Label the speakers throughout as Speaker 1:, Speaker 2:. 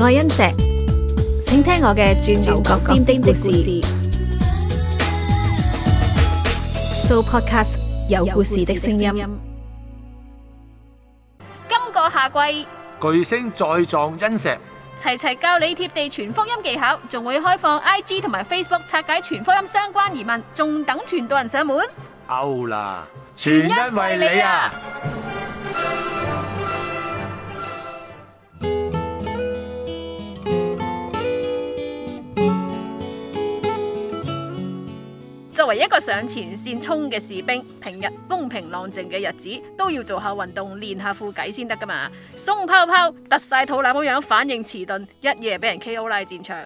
Speaker 1: 我係恩石，請聽我嘅鑽牛角尖的故事。So podcast 有故事的聲音。今個夏季，
Speaker 2: 巨星再撞恩石，
Speaker 1: 齊齊教你貼地傳福音技巧，仲會開放 IG 同埋 Facebook 拆解傳福音相關疑問，仲等全島人上門。
Speaker 2: 歐啦，全因為你啊！
Speaker 1: 作為一個上前線衝嘅士兵，平日風平浪靜嘅日子都要做下運動練下腹肌先得噶嘛，鬆泡泡、凸晒肚腩咁樣樣，反應遲鈍，一夜俾人 K.O. 拉戰場。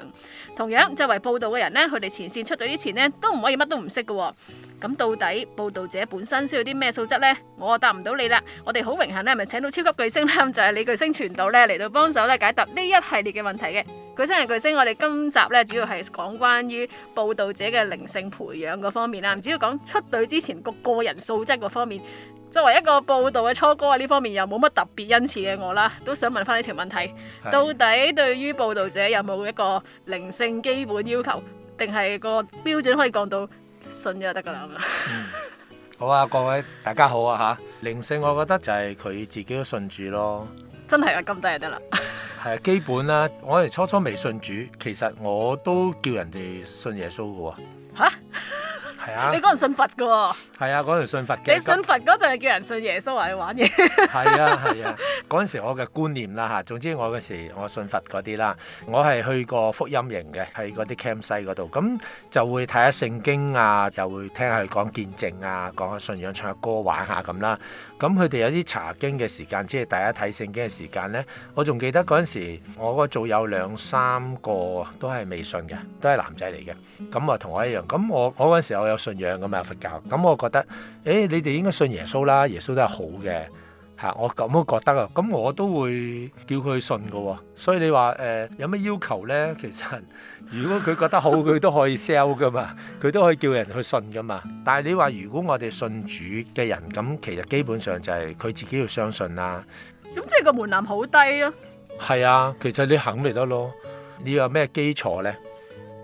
Speaker 1: 同樣，作為報道嘅人呢，佢哋前線出隊之前呢，都唔可以乜都唔識噶。咁到底報道者本身需要啲咩素質呢？我啊答唔到你啦。我哋好榮幸咧，係咪請到超級巨星咧？就係、是、李巨星傳道咧嚟到幫手咧解答呢一系列嘅問題嘅。巨星係巨星，我哋今集咧主要係講關於報道者嘅靈性培養嗰方面啦。主要講出隊之前個個人素質嗰方面。作為一個報道嘅初哥啊，呢方面又冇乜特別恩賜嘅我啦，都想問翻呢條問題。的到底對於報道者有冇一個靈性基本要求，定係個標準可以降到？信咗就得
Speaker 2: 噶啦，好啊！各位大家好啊嚇，靈、啊、性我覺得就係佢自己都信主咯，
Speaker 1: 真係啊咁低就得啦 、
Speaker 2: 啊，係啊基本啦、啊。我哋初初未信主，其實我都叫人哋信耶穌噶喎、啊 啊、你嗰陣信佛噶喎？係啊，嗰陣信佛嘅。你信佛
Speaker 1: 嗰陣係叫人信耶穌，還 是玩嘢？
Speaker 2: 係啊，係啊。嗰陣時我嘅觀念啦嚇，總之我嗰時我信佛嗰啲啦，我係去過福音營嘅，喺嗰啲 camp 西嗰度，咁就會睇下聖經啊，又會聽下佢講見證啊，講下信仰，唱下歌，玩下咁啦。咁佢哋有啲查經嘅時間，即係大家睇聖經嘅時間呢。我仲記得嗰陣時，我個組有兩三個都係未信嘅，都係男仔嚟嘅。咁啊，同我一樣。咁我我嗰陣時我有信仰噶嘛，有佛教。咁我覺得，誒、欸，你哋應該信耶穌啦，耶穌都係好嘅。啊！我咁都覺得啊，咁我都會叫佢去信噶喎。所以你話誒、呃、有咩要求呢？其實如果佢覺得好，佢 都可以 sell 噶嘛，佢都可以叫人去信噶嘛。但係你話如果我哋信主嘅人咁，其實基本上就係佢自己要相信啦。
Speaker 1: 咁即係個門檻好低咯。
Speaker 2: 係啊，其實你肯咪得咯？你有咩基礎呢？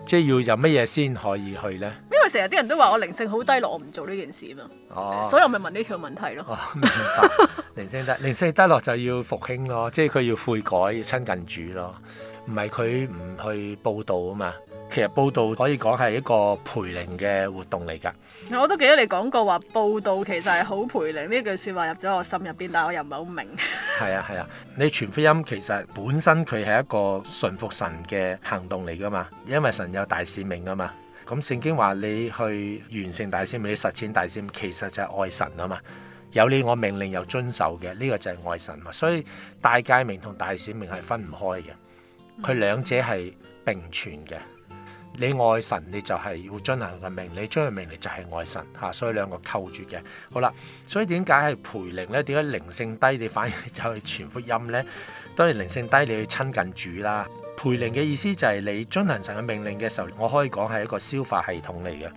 Speaker 2: 即係要有乜嘢先可以去呢？
Speaker 1: 成日啲人都話我靈性好低落，我唔做呢件事啊嘛，
Speaker 2: 哦、所以我
Speaker 1: 咪問呢條問題咯。哦、明
Speaker 2: 白，靈 性低，靈性低落就要復興咯，即係佢要悔改、親近主咯，唔係佢唔去佈道啊嘛。其實佈道可以講係一個培靈嘅活動嚟噶。
Speaker 1: 我都記得你講過話佈道其實係好培靈，呢句說話入咗我心入邊，但係我又唔係好明。
Speaker 2: 係 啊係啊，你傳福音其實本身佢係一個順服神嘅行動嚟噶嘛，因為神有大使命啊嘛。咁聖經話你去完成大使命，你實踐大使命，其實就係愛神啊嘛。有你我命令又遵守嘅，呢個就係愛神嘛。所以大誡命同大使命係分唔開嘅，佢兩者係並存嘅。你愛神，你就係要遵行個命；你將個命嚟就係愛神嚇，所以兩個扣住嘅。好啦，所以點解係培靈咧？點解靈性低你反而就去傳福音咧？當然靈性低你去親近主啦。培靈嘅意思就係你遵行神嘅命令嘅時候，我可以講係一個消化系統嚟嘅。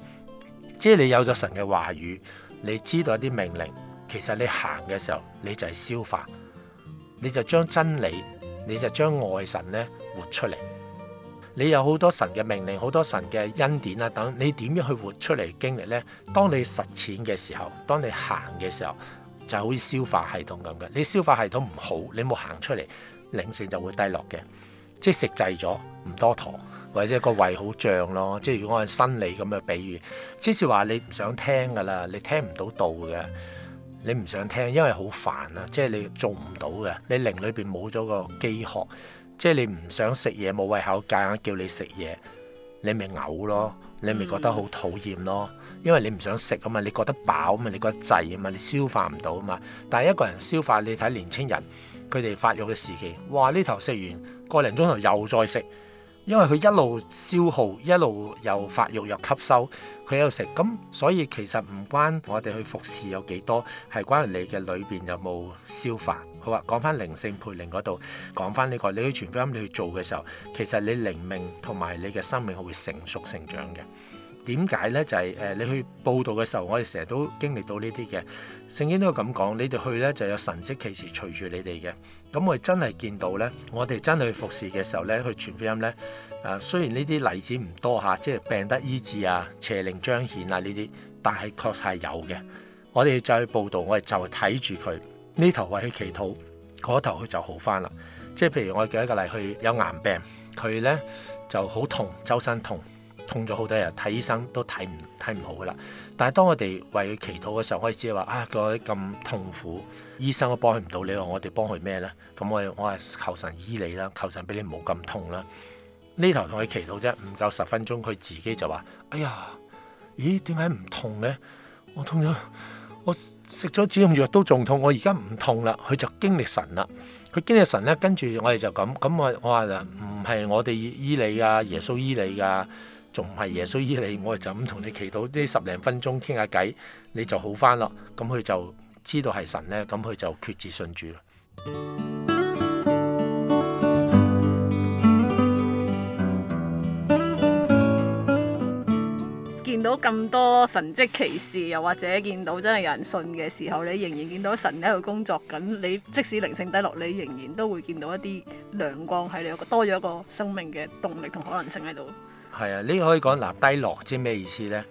Speaker 2: 即係你有咗神嘅話語，你知道一啲命令，其實你行嘅時候，你就係消化，你就將真理，你就將愛神咧活出嚟。你有好多神嘅命令，好多神嘅恩典啊等，你點樣去活出嚟經歷呢？當你實踐嘅時候，當你行嘅時候，就好似消化系統咁嘅。你消化系統唔好，你冇行出嚟，靈性就會低落嘅。即係食滯咗，唔多糖，或者個胃好脹咯。即係如果按生理咁嘅比喻，即是話你唔想聽噶啦，你聽唔到道嘅，你唔想聽，因為好煩啊。即係你做唔到嘅，你靈裏邊冇咗個饑渴，即係你唔想食嘢，冇胃口，夾硬叫你食嘢，你咪嘔咯，你咪覺得好討厭咯。因為你唔想食啊嘛，你覺得飽啊嘛，你覺得滯啊嘛，你消化唔到啊嘛。但係一個人消化，你睇年青人。佢哋發育嘅時期，哇！呢頭食完個零鐘頭又再食，因為佢一路消耗，一路又發育又吸收，佢又食，咁所以其實唔關我哋去服侍有幾多，係關於你嘅裏邊有冇消化。好啊，講翻靈性培靈嗰度，講翻呢個，你去傳福音，你去做嘅時候，其實你靈命同埋你嘅生命係會成熟成長嘅。點解呢？就係誒，你去報導嘅時候，我哋成日都經歷到呢啲嘅。聖經都咁講，你哋去呢，就有神跡奇事隨住你哋嘅。咁我哋真係見到呢，我哋真係去服侍嘅時候呢，去傳福音呢。誒、啊，雖然呢啲例子唔多吓，即係病得醫治啊、邪靈彰顯啊呢啲，但係確實係有嘅。我哋再去報導，我哋就睇住佢呢頭為去祈禱，嗰頭佢就好翻啦。即係譬如我舉一個例，佢有癌病，佢呢就好痛，周身痛。痛咗好多日，睇醫生都睇唔睇唔好噶啦。但係當我哋為佢祈禱嘅時候，我哋知道話啊，哎、各位咁痛苦，醫生都幫佢唔到你，你呢、嗯、我哋幫佢咩咧？咁我我係求神醫你啦，求神俾你唔好咁痛啦。呢頭同佢祈禱啫，唔夠十分鐘，佢自己就話：哎呀，咦，點解唔痛嘅？我痛咗，我食咗止痛藥都仲痛，我而家唔痛啦。佢就經歷神啦。佢經歷神咧，跟住我哋就咁咁我我話唔係我哋醫你噶，耶穌醫你噶。仲唔係耶穌醫你？我就咁同你祈禱呢，十零分鐘傾下偈，你就好翻咯。咁佢就知道係神咧，咁佢就決志信主。
Speaker 1: 見到咁多神跡奇事，又或者見到真係有人信嘅時候，你仍然見到神喺度工作緊。你即使靈性低落，你仍然都會見到一啲亮光喺你，多咗一個生命嘅動力同可能性喺度。
Speaker 2: 係啊，呢可以講嗱低落，知咩意思咧？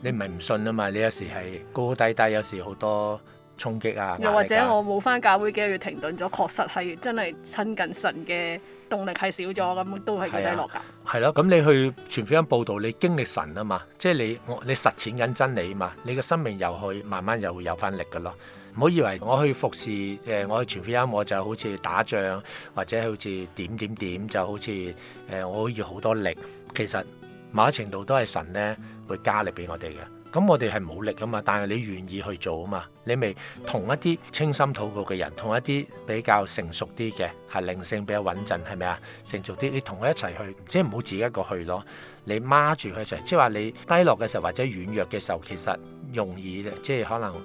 Speaker 2: 你唔咪唔信啊嘛！你有時係高高低低，有時好多衝擊啊。啊又或者我
Speaker 1: 冇翻教會幾個月停頓咗，確實係真係親近神嘅動力係少咗，咁都係幾低落噶。
Speaker 2: 係咯，啊，咁，啊、你去傳福音報導，你經歷神啊嘛，即係你你實踐緊真理啊嘛，你嘅生命又去慢慢又會有翻力嘅咯。唔好以為我去服侍誒我去傳福音，我就好似打仗，或者好似點點點，就好似誒、呃、我好似好多力。其實某程度都係神咧會加力俾我哋嘅。咁我哋係冇力啊嘛，但係你願意去做啊嘛，你咪同一啲清心禱告嘅人，同一啲比較成熟啲嘅係靈性比較穩陣，係咪啊？成熟啲，你同佢一齊去，即係唔好自己一個去咯。你孖住佢一齊，即係話你低落嘅時候或者軟弱嘅時候，其實容易即係可能誒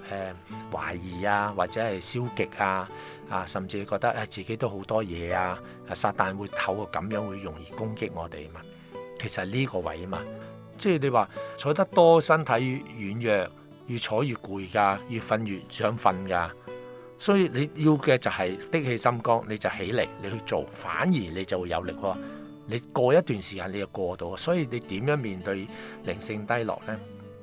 Speaker 2: 懷、呃、疑啊，或者係消極啊啊，甚至覺得誒、呃、自己都好多嘢啊，撒旦會透過咁樣會容易攻擊我哋嘛。其實呢個位啊嘛，即係你話坐得多身體軟弱，越坐越攰㗎，越瞓越想瞓㗎。所以你要嘅就係的起心肝，你就起嚟，你去做，反而你就會有力喎。你過一段時間你就過到，所以你點樣面對靈性低落呢？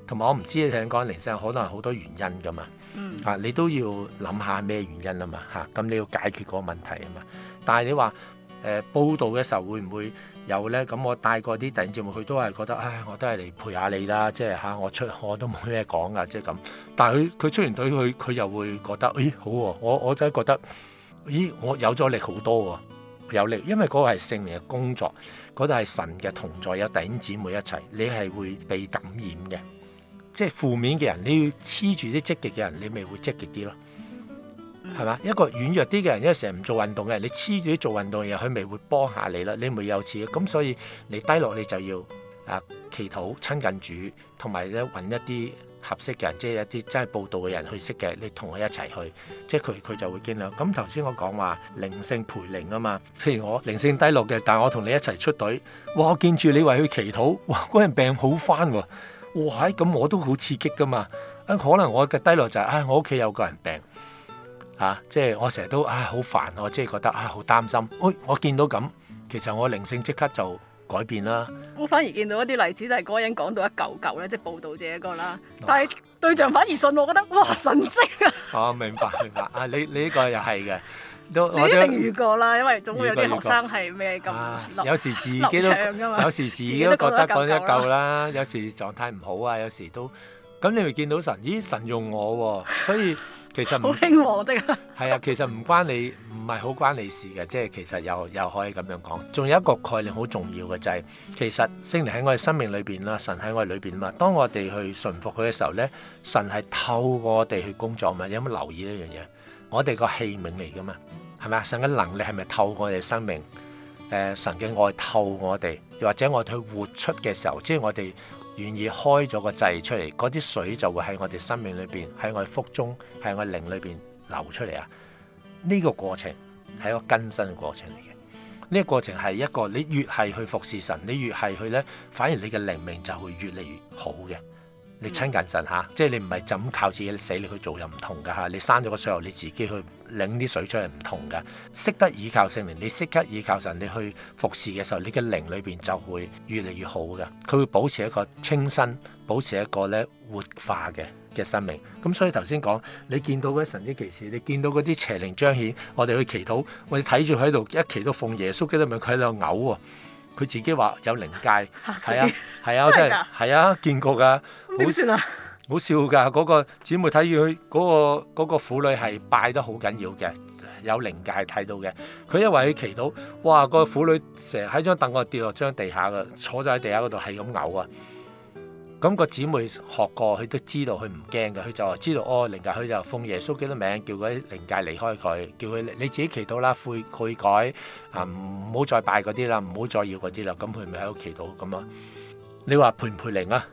Speaker 2: 同埋我唔知你想講靈性，可能好多原因噶嘛。嗯，你都要諗下咩原因啊嘛嚇，咁你要解決嗰個問題啊嘛。但係你話，誒、呃、報道嘅時候會唔會有呢？咁我帶過啲弟兄姊妹去都係覺得，唉，我都係嚟陪下你啦，即係吓、啊，我出我都冇咩講噶，即係咁。但係佢佢出完隊佢，佢又會覺得，咦、哎、好喎、啊！我我真係覺得，咦我有咗力好多喎、啊，有力，因為嗰個係聖靈嘅工作，嗰度係神嘅同在，有弟兄姊妹一齊，你係會被感染嘅，即係負面嘅人，你要黐住啲積極嘅人，你咪會積極啲咯。係嘛？一個軟弱啲嘅人，因為成日唔做運動嘅人，你黐住啲做運動嘅人，佢咪會幫下你啦，你咪有刺激。咁所以你低落，你就要啊祈禱親近主，同埋咧揾一啲合適嘅人，即係一啲真係報道嘅人去識嘅，你同佢一齊去，即係佢佢就會經歷。咁頭先我講話靈性陪靈啊嘛，譬如我靈性低落嘅，但我同你一齊出隊，哇！我見住你為佢祈禱，哇！嗰人病好翻喎、啊，哇！咁我都好刺激噶嘛，可能我嘅低落就係、是、唉、哎，我屋企有個人病。啊！即係我成日都唉好煩，我即係覺得啊好擔心。喂、哎，我見到咁，其實我靈性即刻就改變啦。
Speaker 1: 我反而見到一啲例子就係、是、嗰個人講到一嚿嚿咧，即係報道者一個啦。但係對象反而信，我覺得哇神跡
Speaker 2: 啊！我、哦、明白明白啊！你你呢個又係嘅，都你一定遇過
Speaker 1: 啦，因為總會有啲學生係咩咁。有時自己都覺得講一嚿啦，
Speaker 2: 有時狀態唔好啊，有時都咁你會見到神？咦神用我喎，所以。所以其實好興旺啫，係 啊！其實唔關你，唔係好關你事嘅，即係其實又又可以咁樣講。仲有一個概念好重要嘅就係、是，其實聖靈喺我哋生命裏邊啦，神喺我哋裏邊嘛。當我哋去順服佢嘅時候咧，神係透過我哋去工作嘛。有冇留意呢樣嘢？我哋個器皿嚟噶嘛，係咪啊？神嘅能力係咪透過我哋生命？誒，神嘅愛透我哋，又或者我哋去活出嘅時候，即係我哋願意開咗個掣出嚟，嗰啲水就會喺我哋生命裏邊，喺我哋腹中，喺我靈裏邊流出嚟啊！呢、這個過程係一個更新嘅過程嚟嘅，呢、這個過程係一個你越係去服侍神，你越係去呢，反而你嘅靈命就會越嚟越好嘅。你親近神嚇，即係你唔係就靠自己你死力去做又唔同㗎嚇，你生咗個水後，你自己去領啲水出係唔同㗎。識得倚靠聖靈，你識得倚靠神，你去服侍嘅時候，你嘅靈裏邊就會越嚟越好㗎。佢會保持一個清新，保持一個咧活化嘅嘅生命。咁所以頭先講，你見到嗰啲神蹟奇事，你見到嗰啲邪靈彰顯，我哋去祈禱，我哋睇住佢喺度一祈禱奉耶穌基督名，佢就嘔喎。佢自己話有靈界，係啊係啊，啊真係係啊，見過㗎，啊、好笑啊，
Speaker 1: 好
Speaker 2: 笑㗎！嗰、嗰個姊妹睇住佢嗰個嗰婦女係拜得好緊要嘅，有靈界睇到嘅。佢因為佢祈禱，哇！嗰個婦女成日喺張凳嗰度跌落張地下嘅，嗯、坐咗喺地下嗰度係咁嘔啊！咁個姊妹學過，佢都知道佢唔驚嘅，佢就話知道哦靈界，佢就奉耶穌基督嘅名叫佢靈界離開佢，叫佢你自己祈禱啦，悔悔改啊，唔好再拜嗰啲啦，唔好再要嗰啲啦。咁佢咪喺屋企度祈禱咁咯？你話培唔培靈啊？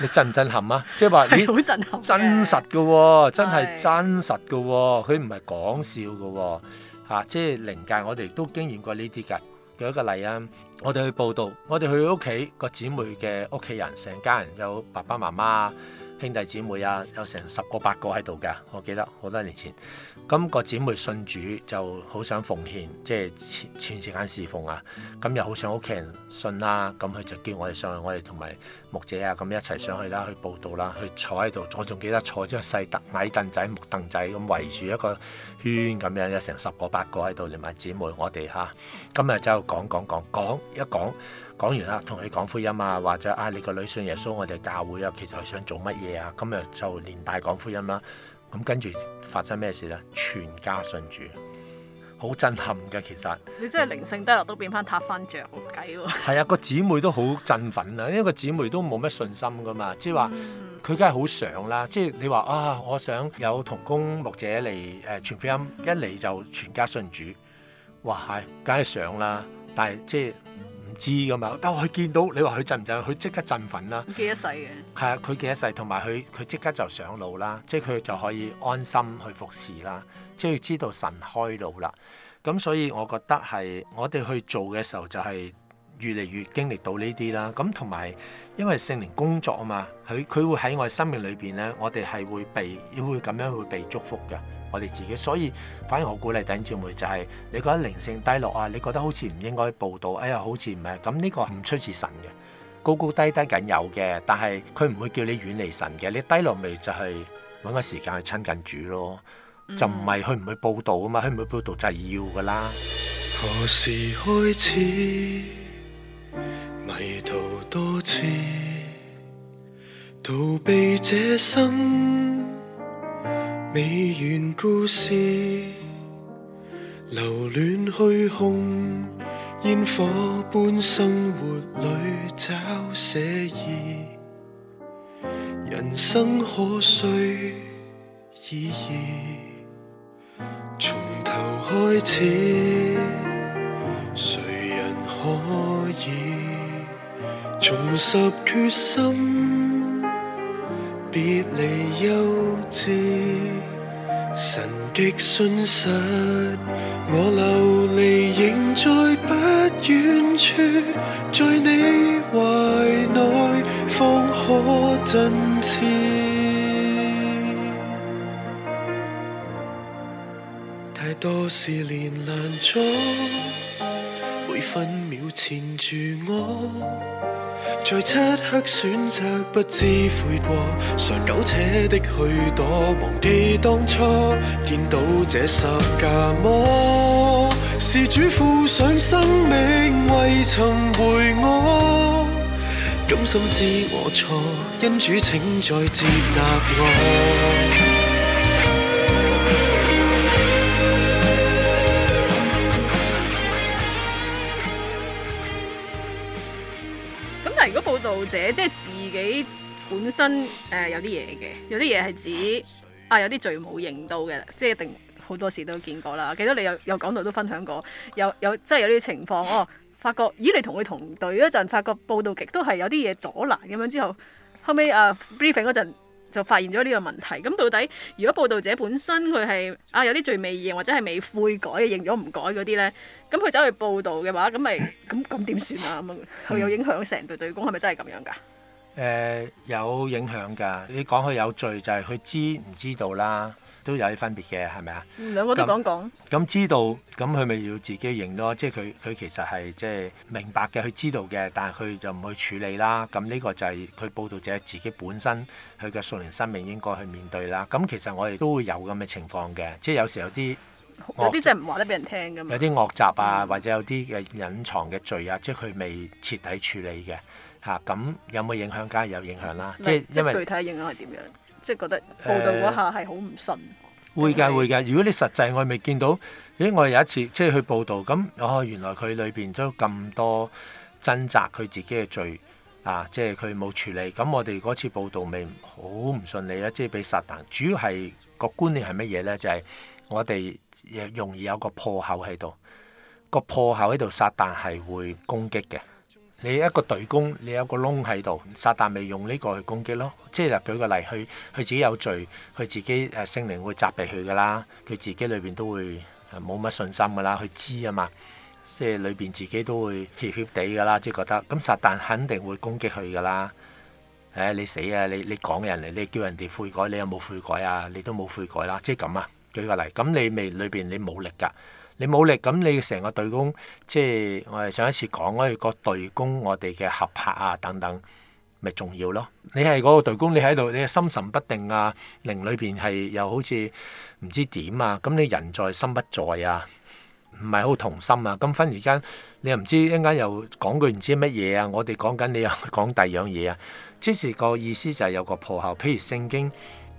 Speaker 2: 你震唔震撼啊？即係話你好震撼，真實嘅，真係真實嘅，佢唔係講笑嘅，嚇！即係靈界，我哋都經驗過呢啲㗎。舉一個例啊！我哋去報道，我哋去屋企，個姊妹嘅屋企人，成家人有爸爸媽媽。兄弟姐妹啊，有成十個八個喺度嘅，我記得好多年前。咁個姊妹信主，就好想奉獻，即係全全時間侍奉啊。咁又好想屋企人信啦、啊，咁佢就叫我哋上去，我哋同埋牧者啊，咁一齊上去啦，去報道啦，去坐喺度。我仲記得坐咗個細矮凳仔、木凳仔咁圍住一個圈咁樣，有成十個八個喺度，連埋姊妹我哋嚇、啊。今日就講講講講一講。講完啦，同佢講福音啊，或者啊，你個女信耶穌，我哋教會啊，其實係想做乜嘢啊？今日就連帶講福音啦。咁跟住發生咩事咧？全家信主，好震撼嘅其實。你
Speaker 1: 真係靈性低落都變翻塌翻著，
Speaker 2: 好計喎。係啊，個姊妹都好振奮啊，因為個姊妹都冇乜信心噶嘛，即係話佢梗係好想啦。即係你話啊，我想有同工牧者嚟誒、呃、傳福音，一嚟就全家信主，哇係，梗係想啦，但係即係。即係知㗎嘛，但係佢見到你話佢振唔振，佢即刻振奮啦。
Speaker 1: 記一世嘅
Speaker 2: 係啊，佢記一世，同埋佢佢即刻就上路啦，即係佢就可以安心去服侍啦。即係知道神開路啦。咁所以我覺得係我哋去做嘅時候，就係越嚟越經歷到呢啲啦。咁同埋因為聖靈工作啊嘛，佢佢會喺我哋生命裏邊咧，我哋係會被會咁樣會被祝福嘅。我哋自己，所以反而我鼓勵弟兄姊妹、就係，就係你覺得靈性低落啊，你覺得好似唔應該報道，哎呀好似唔係，咁呢個唔出自神嘅，高高低低緊有嘅，但係佢唔會叫你遠離神嘅，你低落咪就係揾個時間去親近主咯，嗯、就唔係去唔去報道啊嘛，去唔去報道就係要㗎
Speaker 3: 啦。何時開始？迷途多逃避生。未完故事，留戀虛空，煙火般生活裏找寫意。人生可需意義，從頭開始，誰人可以重拾決心？別離休止，神的信實，我流離仍在不遠處，在你懷內方可振翅。太多事連難阻，每分秒纏住我。在漆黑選擇不知悔過，常苟且的去躲，忘記當初見到這十架魔，事主付上生命為尋回我，甘心知我錯，因主請再接納我。
Speaker 1: 者即係自己本身誒有啲嘢嘅，有啲嘢係指啊有啲罪冇認到嘅，即係一定好多時都見過啦。記得你有又講到都分享過，有有，即係有啲情況哦，發覺咦你同佢同隊嗰陣，發覺報道極都係有啲嘢阻攔咁樣之後，後尾啊 briefing 嗰陣。Uh, 就發現咗呢個問題，咁到底如果報道者本身佢係啊有啲罪未認或者係未悔改認咗唔改嗰啲呢，咁佢走去報道嘅話，咁咪咁咁點算啊？咁啊，佢、嗯、有影響成隊隊工係咪真係咁樣㗎？誒、
Speaker 2: 呃，有影響㗎。你講佢有罪，就係、是、佢知唔知道啦。嗯都有啲分別嘅，係咪啊？
Speaker 1: 兩個都講講。
Speaker 2: 咁知道，咁佢咪要自己認咯？即係佢佢其實係即係明白嘅，佢知道嘅，但係佢就唔去處理啦。咁呢個就係佢報道者自己本身佢嘅屬靈生命應該去面對啦。咁其實我哋都會有咁嘅情況嘅，即係有時有啲有啲真係唔話得俾人聽㗎嘛。有啲惡習啊，或者有啲嘅隱藏嘅罪啊，即係佢未徹底處理嘅嚇。咁有冇影響？梗係有影響啦。即係因為具體
Speaker 1: 嘅影響係點樣？即係覺得報道嗰下係好
Speaker 2: 唔順。會嘅會嘅，如果你實際我未見到，咦我有一次即係去報道咁，哦原來佢裏邊都咁多掙扎佢自己嘅罪啊，即係佢冇處理。咁我哋嗰次報道未好唔順利啦，即係俾撒但。主要係個觀念係乜嘢呢？就係、是、我哋容易有個破口喺度，個破口喺度撒但係會攻擊嘅。你一個對攻，你有一個窿喺度，撒旦咪用呢個去攻擊咯？即係又舉個例，佢佢自己有罪，佢自己誒聖靈會責備佢噶啦，佢自己裏邊都會冇乜信心噶啦，佢知啊嘛，即係裏邊自己都會怯怯地噶啦，即係覺得咁、嗯、撒旦肯定會攻擊佢噶啦。誒、哎，你死啊！你你講人嚟，你叫人哋悔改，你有冇悔改啊？你都冇悔改啦，即係咁啊！舉個例，咁、嗯、你未裏邊你冇力㗎。你冇力，咁你成個隊攻，即係我哋上一次講咧，嗰個隊工我哋嘅合拍啊等等，咪重要咯。你係嗰個隊工，你喺度，你心神不定啊，靈裏邊係又好似唔知點啊，咁你人在心不在啊，唔係好同心啊。咁忽然間，你又唔知一間又講句唔知乜嘢啊。我哋講緊你又講第二樣嘢啊。之前個意思就係有個破後，譬如聖經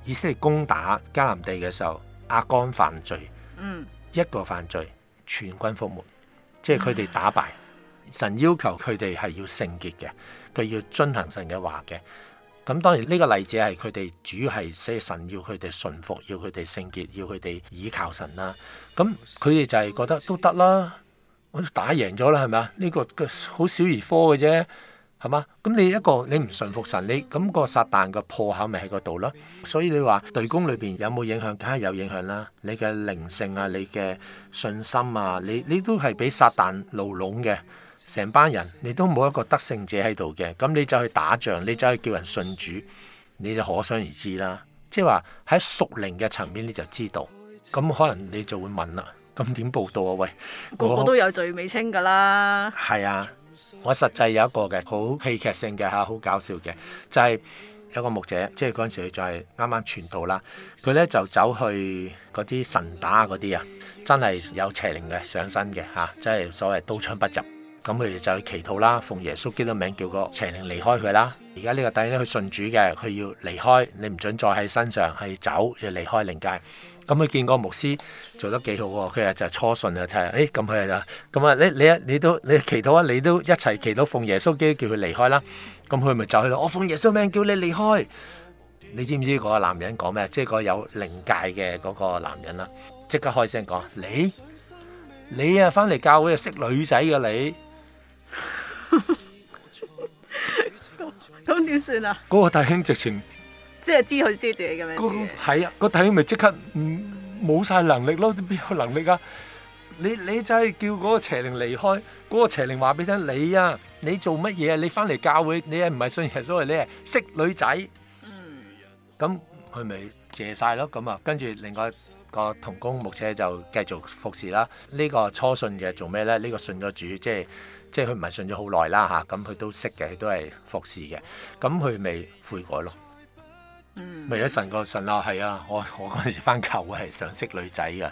Speaker 2: 以色列攻打迦南地嘅時候，亞干犯罪，嗯。一個犯罪，全軍覆沒，即係佢哋打敗。神要求佢哋係要聖潔嘅，佢要遵行神嘅話嘅。咁當然呢個例子係佢哋主要係，即神要佢哋順服，要佢哋聖潔，要佢哋倚靠神啦。咁佢哋就係覺得都得啦，我打贏咗啦，係咪？呢、呢個好小兒科嘅啫。係嘛？咁你一個你唔信服神，你咁個撒旦嘅破口咪喺個度咯。所以你話對攻裏邊有冇影響？梗係有影響啦。你嘅靈性啊，你嘅信心啊，你你都係俾撒旦牢籠嘅。成班人你都冇一個得勝者喺度嘅。咁你就去打仗，你走去叫人信主，你就可想而知啦。即係話喺屬靈嘅層面，你就知道。咁可能你就會問啦：咁點報道啊？喂，個個都有
Speaker 1: 罪未清㗎啦。係啊。我
Speaker 2: 實際有一個嘅好戲劇性嘅吓，好搞笑嘅，就係有個牧者，即係嗰陣時佢就係啱啱傳道啦，佢呢就走去嗰啲神打嗰啲啊，真係有邪靈嘅上身嘅吓，即係所謂刀槍不入，咁佢就去祈禱啦，奉耶穌基督名叫個邪靈離開佢啦。而家呢個弟呢，佢信主嘅，佢要離開，你唔准再喺身上，係走要離開靈界。咁佢見個牧師做得幾好喎，佢啊就初信啊，睇下，哎咁佢啊，咁啊你你你都你祈禱啊，你都一齊祈禱奉耶穌名叫佢離開啦。咁佢咪就去咯。我奉耶穌名叫你離開。你知唔知個男人講咩？即係個有靈界嘅嗰個男人啦，即刻開聲講，你你啊翻嚟教會啊識女仔嘅你，
Speaker 1: 咁點算啊？
Speaker 2: 嗰個大兄直情。
Speaker 1: 即係知佢知住嘅咩？個
Speaker 2: 係啊，個體咪即刻冇晒能力咯，邊有能力啊？你你就係叫嗰個邪靈離開，嗰個邪靈話俾你聽：你啊，你做乜嘢？你翻嚟教會，你係唔係信耶穌？你係識女仔。咁佢咪謝晒咯？咁啊，跟住另外個同工牧者就繼續服侍啦。呢個初信嘅做咩咧？呢個信咗主，即係即係佢唔係信咗好耐啦吓，咁、啊、佢、嗯、都識嘅，佢都係服侍嘅。咁佢咪悔改咯？未咗、um、神個神啊，係啊，我我嗰陣時翻教會係想識女仔噶，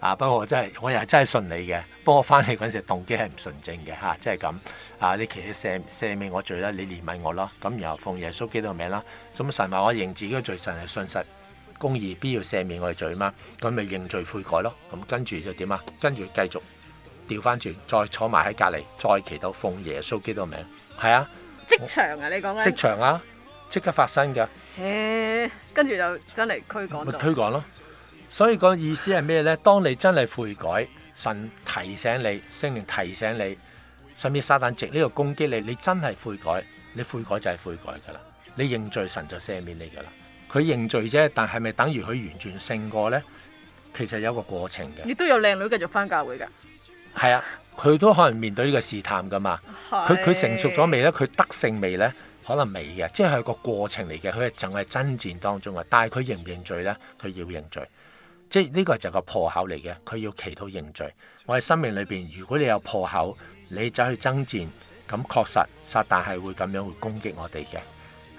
Speaker 2: 啊不過真係我又真係信你嘅，不過翻嚟嗰陣時動機係唔純正嘅吓，即係咁，啊、就是、啊你其實赦赦免我罪啦，你憐憫我啦，咁、啊、然後奉耶穌基督個名啦，咁、啊、神話我認自己個罪，神係信實公義，必要赦免我嘅罪嘛，咁、啊、咪認罪悔改咯，咁跟住就點啊？跟住繼續調翻轉，再坐埋喺隔籬，再祈禱奉耶穌基督個名，係啊，職
Speaker 1: 場啊你講緊職
Speaker 2: 場啊？你即刻發生嘅，
Speaker 1: 跟住就真係推廣
Speaker 4: 就。咪推
Speaker 2: 廣咯，所以個意思係咩呢？當你真係悔改，神提醒你，聖靈提醒你，甚至撒旦藉呢個攻擊你，你真係悔改，你悔改就係悔改㗎啦。你認罪，神就赦免你㗎啦。佢認罪啫，但係咪等於佢完全勝過呢？其實有個過程㗎。你
Speaker 1: 都有靚女繼續翻教會㗎，
Speaker 2: 係啊，佢都可能面對呢個試探㗎嘛。佢佢是成熟咗未呢？佢得勝未呢？可能未嘅，即係個過程嚟嘅，佢係淨係爭戰當中嘅，但係佢認唔認罪呢？佢要認罪，即係呢個就係個破口嚟嘅，佢要祈禱認罪。我喺生命裏邊，如果你有破口，你走去爭戰，咁確實撒旦係會咁樣會攻擊我哋嘅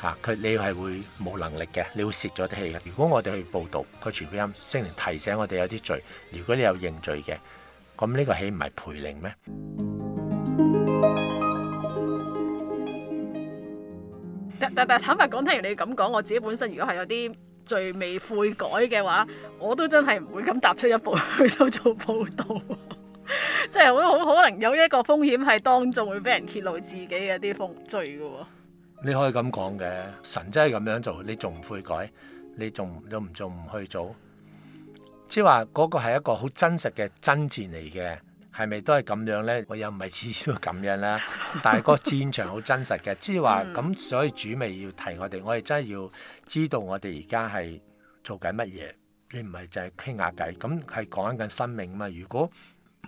Speaker 2: 嚇，佢你係會冇能力嘅，你會泄咗啲氣嘅。如果我哋去報道，佢傳福音，聖靈提醒我哋有啲罪，如果你有認罪嘅，咁呢個豈唔係賠靈咩？
Speaker 1: 但但坦白講，聽完你咁講，我自己本身如果係有啲罪未悔改嘅話，我都真係唔會咁踏出一步去到做報導， 即係好好可能有一個風險係當眾會俾人揭露自己嘅啲風罪㗎喎。
Speaker 2: 你可以咁講嘅，神真係咁樣做，你仲唔悔改，你仲又唔仲唔去做？即係話嗰個係一個好真實嘅真摯嚟嘅。係咪都係咁樣咧？我又唔係始終咁樣啦。 但係個戰場好真實嘅，即係話咁， 嗯、所以主咪要提我哋，我哋真係要知道我哋而家係做緊乜嘢。你唔係淨係傾下偈，咁係講緊生命啊嘛。如果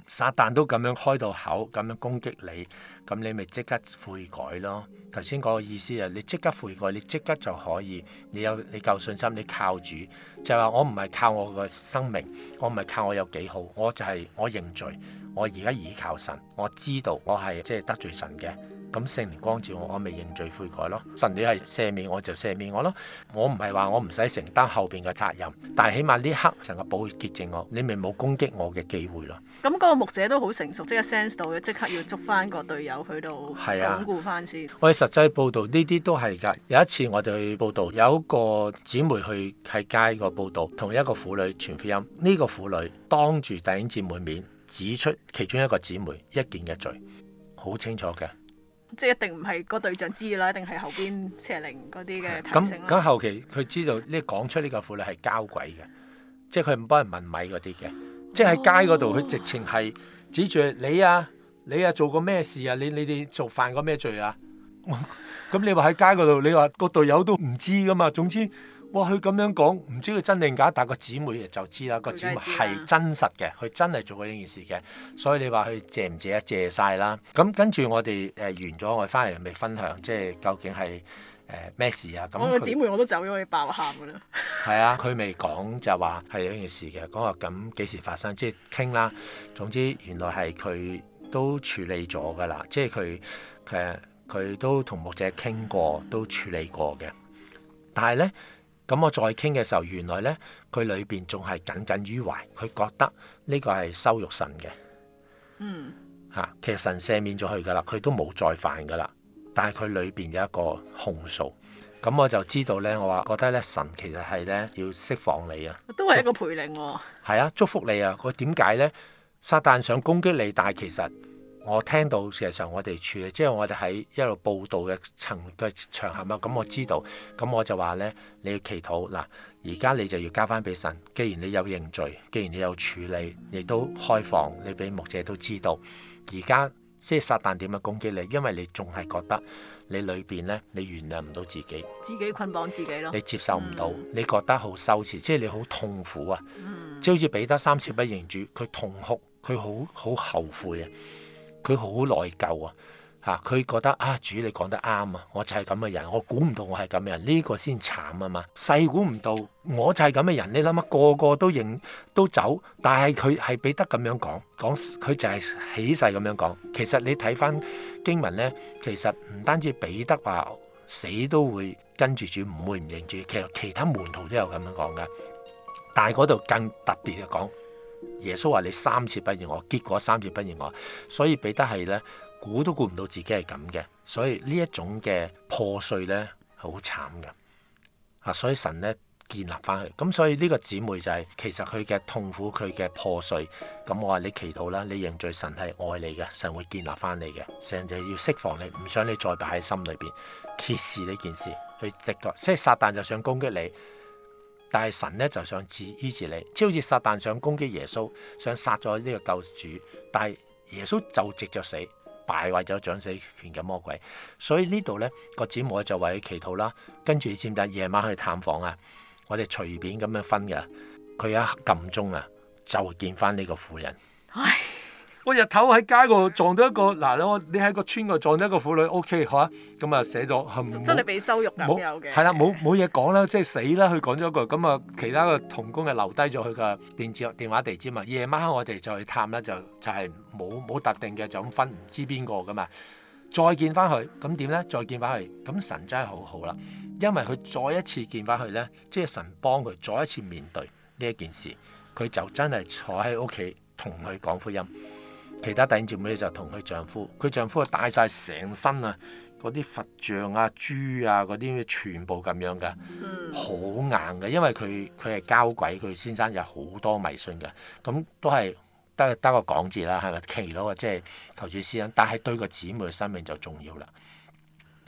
Speaker 2: 撒旦都咁樣開到口，咁樣攻擊你。咁你咪即刻悔改咯。頭先嗰個意思就係你即刻悔改，你即刻就可以。你有你夠信心，你靠主就係話我唔係靠我個生命，我唔係靠我有幾好，我就係我認罪，我而家倚靠神，我知道我係即係得罪神嘅。咁聖靈光照我，我咪認罪悔改咯。神你係赦免我就赦免我咯。我唔係話我唔使承擔後邊嘅責任，但係起碼呢一刻神嘅寶潔淨我，你咪冇攻擊我嘅機會咯。
Speaker 1: 咁嗰個牧者都好成熟，即刻 sense 到，即刻要捉翻個隊友去到鞏固翻先。啊、
Speaker 2: 我哋實際報道呢啲都係噶。有一次我哋去報道，有一個姊妹去喺街個報道，同一個婦女傳福音。呢、這個婦女當住弟兄姐妹面指出其中一個姊妹一件嘅罪，好清楚嘅。
Speaker 1: 即係一定唔係個對象知啦，一定係後邊邪靈嗰啲嘅。咁咁
Speaker 2: 後期佢知道呢，講出呢個婦女係交鬼嘅，即係佢唔幫人問米嗰啲嘅，即係喺街嗰度佢直情係指住你啊，你啊做過咩事啊？你你哋做犯過咩罪啊？咁你話喺街嗰度，你話個隊友都唔知噶嘛？總之。哇！佢咁樣講，唔知佢真定假，但個姊妹就知、那個、姐妹知啦。個姊妹係真實嘅，佢真係做過呢件事嘅。所以你話佢借唔借啊？借晒啦。咁跟住我哋誒、呃、完咗，我哋翻嚟未分享，即係究竟係誒咩事啊？咁我個姊妹
Speaker 1: 我都走咗，去以爆喊噶啦。
Speaker 2: 係啊，佢未講就話係呢件事嘅，講話咁幾時發生，即係傾啦。總之原來係佢都處理咗噶啦，即係佢誒佢都同牧姐傾過，都處理過嘅。但係咧。咁我再傾嘅時候，原來呢，佢裏邊仲係耿耿於懷，佢覺得呢個係羞辱神嘅。
Speaker 4: 嗯，
Speaker 2: 嚇、啊，其實神赦免咗佢噶啦，佢都冇再犯噶啦。但係佢裏邊有一個控訴，咁、嗯嗯、我就知道呢，我話覺得呢神其實係呢，要釋放你啊，
Speaker 1: 都係一個賠靈喎。
Speaker 2: 係啊，祝福你啊！佢點解呢？撒旦想攻擊你，但係其實。我聽到事實上我哋處理，即係我哋喺一路報道嘅層嘅場合啦。咁我知道，咁我就話咧：你要祈禱嗱，而家你就要交翻俾神。既然你有認罪，既然你有處理，亦都開放你俾牧者都知道。而家即係撒旦點樣攻擊你？因為你仲係覺得你裏邊咧，你原諒唔到自己，
Speaker 1: 自己捆綁，綁自己咯。你
Speaker 2: 接受唔到，嗯、你覺得好羞恥，即係你好痛苦啊！即係、嗯、好似彼得三次不認主，佢痛哭，佢好好後悔啊！佢好內疚啊！吓，佢覺得啊，主你講得啱啊，我就係咁嘅人，我估唔到我係咁嘅人，呢個先慘啊嘛！細估唔到我就係咁嘅人，你諗下個個都認都走，但係佢係彼得咁樣講，講佢就係起誓咁樣講。其實你睇翻經文呢，其實唔單止彼得話死都會跟住主，唔會唔認主，其實其他門徒都有咁樣講噶，但係嗰度更特別嘅講。耶穌話你三次不認我，結果三次不認我，所以彼得係咧估都估唔到自己係咁嘅，所以呢一種嘅破碎咧係好慘嘅，所以神咧建立翻佢，咁所以呢個姊妹就係、是、其實佢嘅痛苦佢嘅破碎，咁我話你祈禱啦，你認罪，神係愛你嘅，神會建立翻你嘅，神就要釋放你，唔想你再擺喺心裏邊揭示呢件事，去直覺，即係撒旦就想攻擊你。但係神咧就想治醫治你，即好似撒旦想攻擊耶穌，想殺咗呢個救主，但係耶穌就藉着死敗壞咗掌死權嘅魔鬼。所以呢度呢個姊妹就為佢祈禱啦，跟住你知唔知夜晚去探訪啊，我哋隨便咁樣分嘅，佢一撳鐘啊就見翻呢個婦人。唉我日頭喺街度撞到一個，嗱你喺個村度撞到一個婦女，O、OK, K 好嚇、啊，咁、嗯、啊寫咗，嗯、真係俾
Speaker 1: 羞辱咁有啦，
Speaker 2: 冇冇嘢講啦，即係死啦！佢講咗一句咁啊，其他嘅童工係留低咗佢嘅電子電話地址。夜晚黑我哋就去探啦，就就係冇冇特定嘅就咁分，唔知邊個噶嘛。再見翻佢，咁點咧？再見翻佢，咁神真係好好啦，因為佢再一次見翻佢咧，即係神幫佢再一次面對呢一件事，佢就真係坐喺屋企同佢講福音。其他弟兄姊妹就同佢丈夫，佢丈夫係帶晒成身啊，嗰啲佛像啊、珠啊、嗰啲全部咁樣噶，好硬嘅，因為佢佢係交鬼，佢先生有好多迷信嘅，咁都係得得個講字啦，係咪？奇咯，即係投主師生，但係對個姊妹嘅生命就重要啦。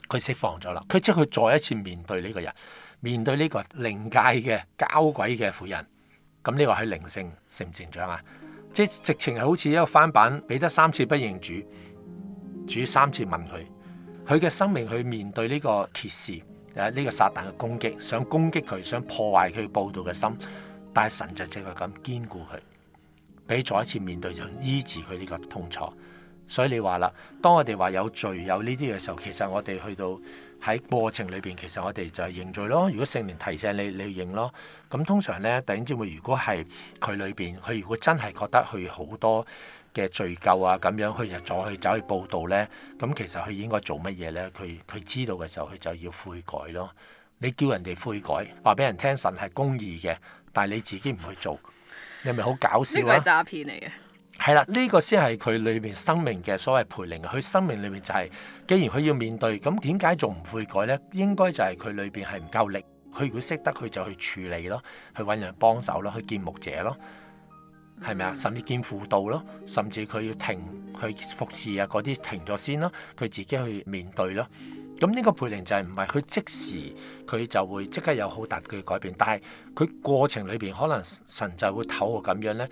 Speaker 2: 佢釋放咗啦，佢即係佢再一次面對呢個人，面對呢個靈界嘅交鬼嘅婦人，咁你話佢靈性成唔成長啊？即直情係好似一個翻版，俾得三次不認主，主三次問佢，佢嘅生命去面對呢個揭事，啊、這、呢個撒旦嘅攻擊，想攻擊佢，想破壞佢報道嘅心，但係神就正係咁堅固佢，俾再一次面對就醫治佢呢個痛楚。所以你話啦，當我哋話有罪有呢啲嘅時候，其實我哋去到。喺過程裏邊，其實我哋就係認罪咯。如果聖靈提醒你，你認咯。咁通常咧，突然之會如果係佢裏邊，佢如果真係覺得佢好多嘅罪咎啊，咁樣，佢又再去走去，去，去報道咧，咁其實佢應該做乜嘢咧？佢佢知道嘅時候，佢就要悔改咯。你叫人哋悔改，話俾人聽神係公義嘅，但係你自己唔去做，你係咪好搞笑啊？呢個詐騙嚟嘅。係啦，呢、這個先係佢裏面生命嘅所謂培靈。佢生命裏面就係、是，既然佢要面對，咁點解仲唔悔改呢？應該就係佢裏邊係唔夠力。佢如果識得，佢就去處理咯，去揾人幫手咯，去見牧者咯，係咪啊？甚至見輔導咯，甚至佢要停去服侍啊，嗰啲停咗先咯，佢自己去面對咯。咁呢個培靈就係唔係佢即時佢就會即刻有好大嘅改變？但係佢過程裏邊可能神就會透過咁樣呢，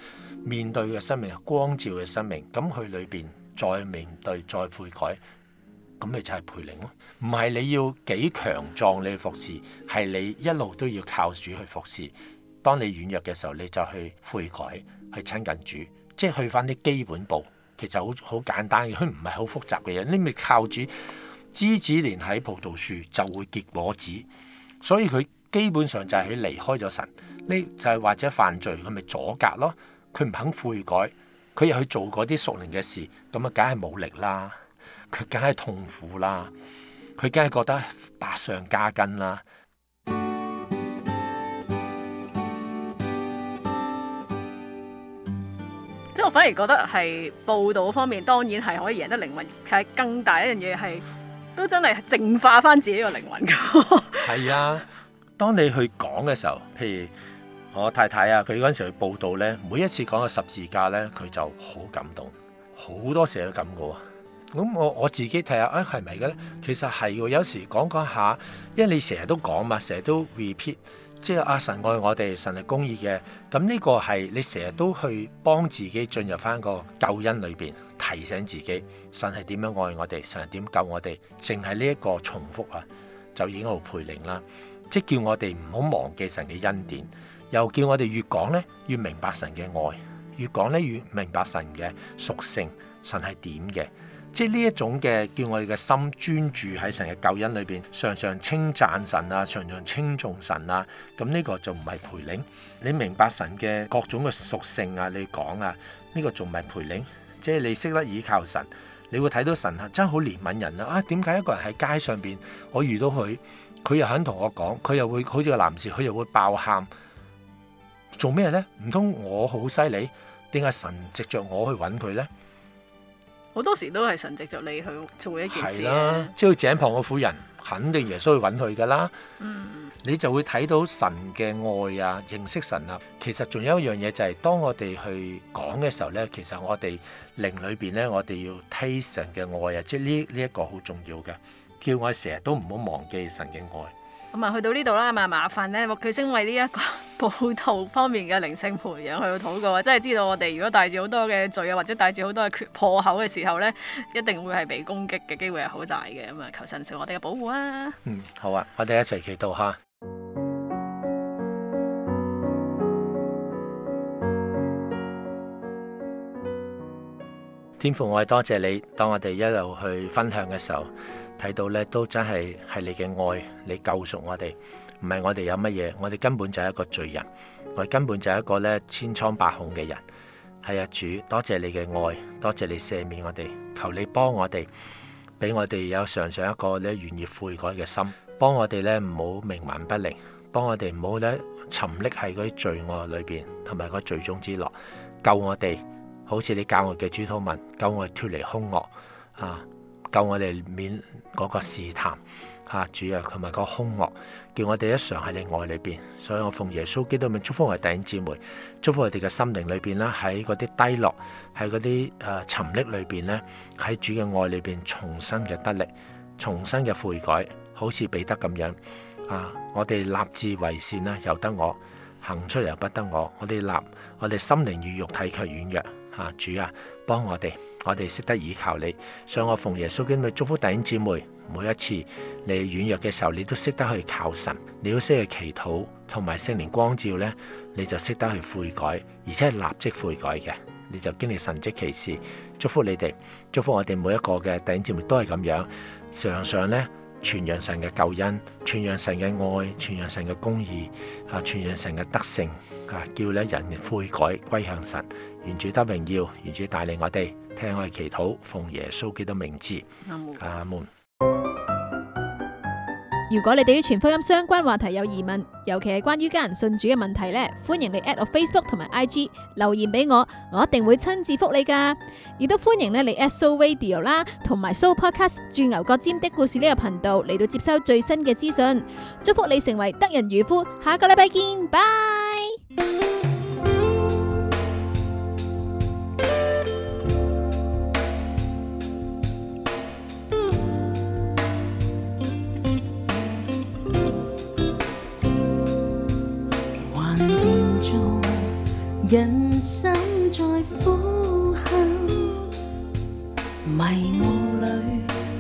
Speaker 2: 面對嘅生命係光照嘅生命，咁佢裏邊再面對再悔改，咁咪就係培靈咯。唔係你要幾強壯你去服侍，係你一路都要靠主去服侍。當你軟弱嘅時候，你就去悔改，去親近主，即係去翻啲基本步。其實好好簡單嘅，佢唔係好複雜嘅嘢。你咪靠主枝子連喺葡萄樹就會結果子，所以佢基本上就係佢離開咗神，呢就係或者犯罪佢咪阻隔咯。佢唔肯悔改，佢又去做嗰啲熟齡嘅事，咁啊，梗係冇力啦，佢梗係痛苦啦，佢梗係覺得百上加斤啦。
Speaker 1: 即係我反而覺得係布道方面，當然係可以贏得靈魂，其實更大一樣嘢係都真係淨化翻自己個靈魂。
Speaker 2: 係 啊，當你去講嘅時候，譬如。我太太啊，佢嗰陣時去報道呢，每一次講個十字架呢，佢就好感動，好多時都咁嘅、啊。咁我我自己睇下，哎、啊，係咪嘅呢？其實係喎，有時講講下，因為你成日都講嘛，成日都 repeat，即係阿、啊、神愛我哋，神係公義嘅。咁呢個係你成日都去幫自己進入返個救恩裏邊，提醒自己神係點樣愛我哋，神係點救我哋，淨係呢一個重複啊，就已經好培靈啦。即叫我哋唔好忘記神嘅恩典。又叫我哋越講呢，越明白神嘅愛，越講呢，越明白神嘅屬性，神係點嘅，即係呢一種嘅叫我哋嘅心專注喺神嘅救恩裏邊，常常稱讚神啊，常常稱頌神啊，咁呢個就唔係培靈，你明白神嘅各種嘅屬性啊，你講啊，呢、這個仲唔係培靈？即係你識得倚靠神，你會睇到神真係好憐憫人啊！啊，點解一個人喺街上邊，我遇到佢，佢又肯同我講，佢又會好似個男士，佢又會爆喊。做咩呢？唔通我好犀利？點解神藉着我去揾佢呢？
Speaker 1: 好多時都係神藉着你去做一件事啦。
Speaker 2: 即係、啊、井旁嘅婦人，肯定耶穌去揾佢噶啦。嗯嗯、你就會睇到神嘅愛啊，認識神啊。其實仲有一樣嘢就係、是，當我哋去講嘅時候呢，其實我哋靈裏邊呢，我哋要 taste 神嘅愛啊，即係呢呢一個好、這個、重要嘅，叫我成日都唔好忘記神嘅愛。
Speaker 1: 咁啊，去到呢度啦，咁啊麻煩咧，佢先為呢一個布道方面嘅靈性培養去禱告啊！真係知道我哋如果帶住好多嘅罪啊，或者帶住好多嘅缺破口嘅時候咧，一定會係被攻擊嘅機會係好大嘅。咁啊，求神賜我哋嘅保護啊！嗯，
Speaker 2: 好啊，我哋一齊祈禱下。天父，我哋多謝你，當我哋一路去分享嘅時候，睇到呢都真係係你嘅愛，你救贖我哋，唔係我哋有乜嘢，我哋根本就係一個罪人，我哋根本就係一個呢千瘡百孔嘅人。係啊，主，多謝你嘅愛，多謝你赦免我哋，求你幫我哋，俾我哋有常常一個呢願意悔改嘅心，幫我哋呢唔好冥頑不靈，幫我哋唔好呢沉溺喺嗰啲罪惡裏邊，同埋個罪中之樂，救我哋。好似你教我嘅主禱文，救我脫離凶惡啊！救我哋免嗰個試探啊！主啊，同埋個凶惡，叫我哋一常喺你愛裏邊。所以我奉耶穌基督名祝福我哋弟兄姊妹，祝福我哋嘅心靈裏邊啦，喺嗰啲低落，喺嗰啲誒沉溺裏邊咧，喺主嘅愛裏邊重新嘅得力，重新嘅悔改，好似彼得咁樣啊！我哋立志為善啦，由得我行出嚟又不得我。我哋立，我哋心靈與肉體卻軟弱。啊！主啊，幫我哋，我哋識得倚靠你，所以我奉耶穌基督祝福弟兄姊妹。每一次你軟弱嘅時候，你都識得去靠神，你要識去祈禱，同埋聖靈光照呢，你就識得去悔改，而且係立即悔改嘅，你就經歷神蹟奇事。祝福你哋，祝福我哋每一個嘅弟兄姊妹都係咁樣，常常呢，傳揚神嘅救恩，傳揚神嘅愛，傳揚神嘅公義，啊，傳揚神嘅德性，啊，叫咧人悔改歸向神。願主得榮耀，願主帶領我哋聽我哋祈禱，奉耶穌基督名字。阿門。
Speaker 1: 如果你對於全福音相關話題有疑問，尤其係關於家人信主嘅問題咧，歡迎你 at 我 Facebook 同埋 IG 留言俾我，我一定會親自覆你噶。亦都歡迎咧嚟 at Soul Radio 啦，同埋 Soul Podcast《鑽牛角尖的故事》呢個頻道嚟到接收最新嘅資訊。祝福你成為得人漁夫，下個禮拜見，拜。